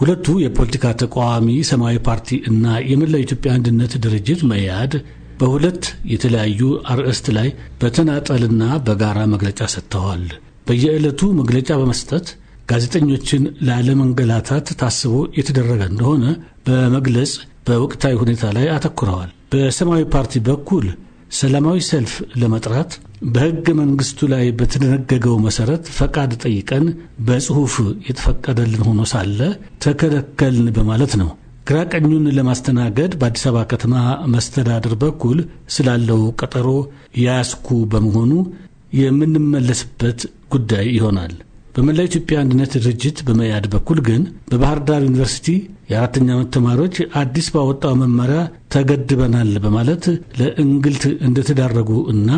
ሁለቱ የፖለቲካ ተቃዋሚ ሰማያዊ ፓርቲ እና የመላ ኢትዮጵያ አንድነት ድርጅት መያድ በሁለት የተለያዩ አርዕስት ላይ በተናጠልና በጋራ መግለጫ ሰጥተዋል። በየዕለቱ መግለጫ በመስጠት ጋዜጠኞችን ላለመንገላታት ታስቦ የተደረገ እንደሆነ በመግለጽ በወቅታዊ ሁኔታ ላይ አተኩረዋል። በሰማያዊ ፓርቲ በኩል ሰላማዊ ሰልፍ ለመጥራት በህገ መንግስቱ ላይ በተደነገገው መሰረት ፈቃድ ጠይቀን በጽሑፍ የተፈቀደልን ሆኖ ሳለ ተከለከልን በማለት ነው። ግራቀኙን ለማስተናገድ በአዲስ አበባ ከተማ መስተዳድር በኩል ስላለው ቀጠሮ ያስኩ በመሆኑ የምንመለስበት ጉዳይ ይሆናል። በመላ ኢትዮጵያ አንድነት ድርጅት በመያድ በኩል ግን በባህር ዳር ዩኒቨርሲቲ የአራተኛ ዓመት ተማሪዎች አዲስ ባወጣው መመሪያ ተገድበናል በማለት ለእንግልት እንደተዳረጉ እና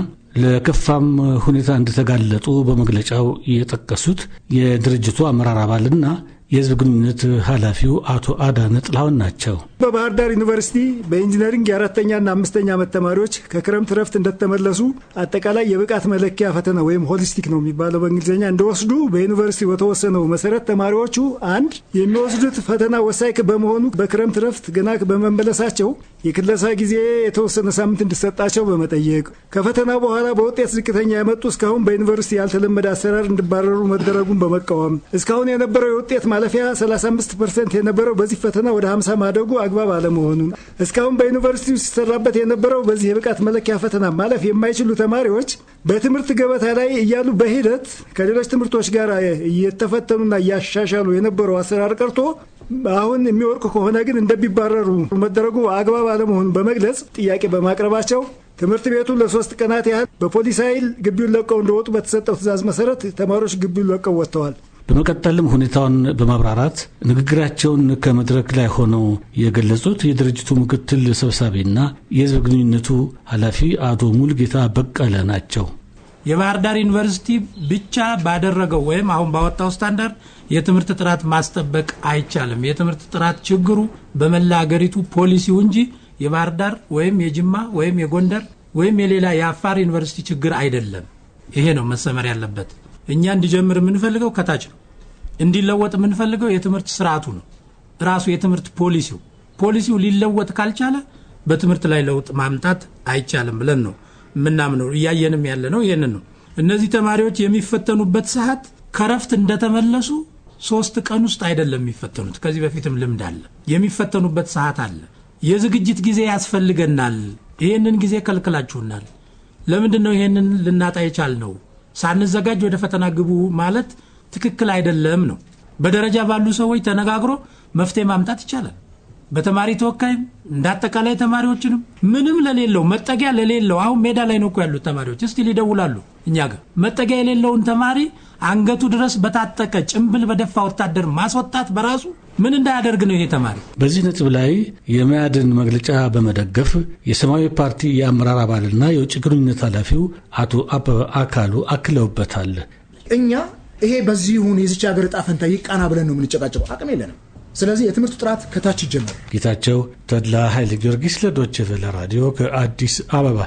ለከፋም ሁኔታ እንደተጋለጡ በመግለጫው የጠቀሱት የድርጅቱ አመራር አባልና የህዝብ ግንኙነት ኃላፊው አቶ አዳነ ጥላሁን ናቸው። በባህር ዳር ዩኒቨርሲቲ በኢንጂነሪንግ የአራተኛና አምስተኛ ዓመት ተማሪዎች ከክረምት ረፍት እንደተመለሱ አጠቃላይ የብቃት መለኪያ ፈተና ወይም ሆሊስቲክ ነው የሚባለው በእንግሊዝኛ እንደወስዱ በዩኒቨርሲቲ በተወሰነው መሰረት ተማሪዎቹ አንድ የሚወስዱት ፈተና ወሳኝ በመሆኑ በክረምት ረፍት ገና በመመለሳቸው የክለሳ ጊዜ የተወሰነ ሳምንት እንዲሰጣቸው በመጠየቅ ከፈተና በኋላ በውጤት ዝቅተኛ የመጡ እስካሁን በዩኒቨርሲቲ ያልተለመደ አሰራር እንዲባረሩ መደረጉን በመቃወም እስካሁን የነበረው የውጤት ማለፊያ 35 ፐርሰንት የነበረው በዚህ ፈተና ወደ 50 ማደጉ አግባብ አለመሆኑን፣ እስካሁን በዩኒቨርሲቲው ሲሰራበት የነበረው በዚህ የብቃት መለኪያ ፈተና ማለፍ የማይችሉ ተማሪዎች በትምህርት ገበታ ላይ እያሉ በሂደት ከሌሎች ትምህርቶች ጋር እየተፈተኑና እያሻሻሉ የነበረው አሰራር ቀርቶ አሁን የሚወርቁ ከሆነ ግን እንደሚባረሩ መደረጉ አግባብ አለመሆኑን በመግለጽ ጥያቄ በማቅረባቸው ትምህርት ቤቱ ለሶስት ቀናት ያህል በፖሊስ ኃይል ግቢውን ለቀው እንደወጡ በተሰጠው ትዕዛዝ መሰረት ተማሪዎች ግቢውን ለቀው ወጥተዋል። በመቀጠልም ሁኔታውን በማብራራት ንግግራቸውን ከመድረክ ላይ ሆነው የገለጹት የድርጅቱ ምክትል ሰብሳቢና የህዝብ ግንኙነቱ ኃላፊ አቶ ሙልጌታ በቀለ ናቸው። የባህር ዳር ዩኒቨርሲቲ ብቻ ባደረገው ወይም አሁን ባወጣው ስታንዳርድ የትምህርት ጥራት ማስጠበቅ አይቻልም። የትምህርት ጥራት ችግሩ በመላ አገሪቱ ፖሊሲው እንጂ የባህር ዳር ወይም የጅማ ወይም የጎንደር ወይም የሌላ የአፋር ዩኒቨርሲቲ ችግር አይደለም። ይሄ ነው መሰመር ያለበት። እኛ እንዲጀምር የምንፈልገው ከታች ነው። እንዲለወጥ የምንፈልገው የትምህርት ስርዓቱ ነው፣ ራሱ የትምህርት ፖሊሲው። ፖሊሲው ሊለወጥ ካልቻለ በትምህርት ላይ ለውጥ ማምጣት አይቻልም ብለን ነው ምናምነው እያየንም ያለ ነው ይህንን ነው። እነዚህ ተማሪዎች የሚፈተኑበት ሰዓት ከረፍት እንደተመለሱ ሶስት ቀን ውስጥ አይደለም የሚፈተኑት። ከዚህ በፊትም ልምድ አለ። የሚፈተኑበት ሰዓት አለ። የዝግጅት ጊዜ ያስፈልገናል። ይህንን ጊዜ ከልክላችሁናል። ለምንድን ነው ይህንን ልናጣ ነው ሳንዘጋጅ ወደ ፈተና ግቡ ማለት ትክክል አይደለም ነው። በደረጃ ባሉ ሰዎች ተነጋግሮ መፍትሄ ማምጣት ይቻላል። በተማሪ ተወካይም እንዳጠቃላይ ተማሪዎችንም ምንም ለሌለው መጠጊያ ለሌለው አሁን ሜዳ ላይ ነው እኮ ያሉት ተማሪዎች እስቲ ሊደውላሉ እኛ ጋር መጠጊያ የሌለውን ተማሪ አንገቱ ድረስ በታጠቀ ጭንብል በደፋ ወታደር ማስወጣት በራሱ ምን እንዳያደርግ ነው ይሄ ተማሪ። በዚህ ነጥብ ላይ የመያድን መግለጫ በመደገፍ የሰማያዊ ፓርቲ የአመራር አባልና የውጭ ግንኙነት ኃላፊው አቶ አበበ አካሉ አክለውበታል። እኛ ይሄ በዚህ ሁን የዚች ሀገር ጣፈንታ ይቃና ብለን ነው የምንጨቃጨቀው። አቅም የለንም። ስለዚህ የትምህርቱ ጥራት ከታች ይጀመር። ጌታቸው ተድላ ኃይለ ጊዮርጊስ ለዶይቼ ቬለ ራዲዮ ከአዲስ አበባ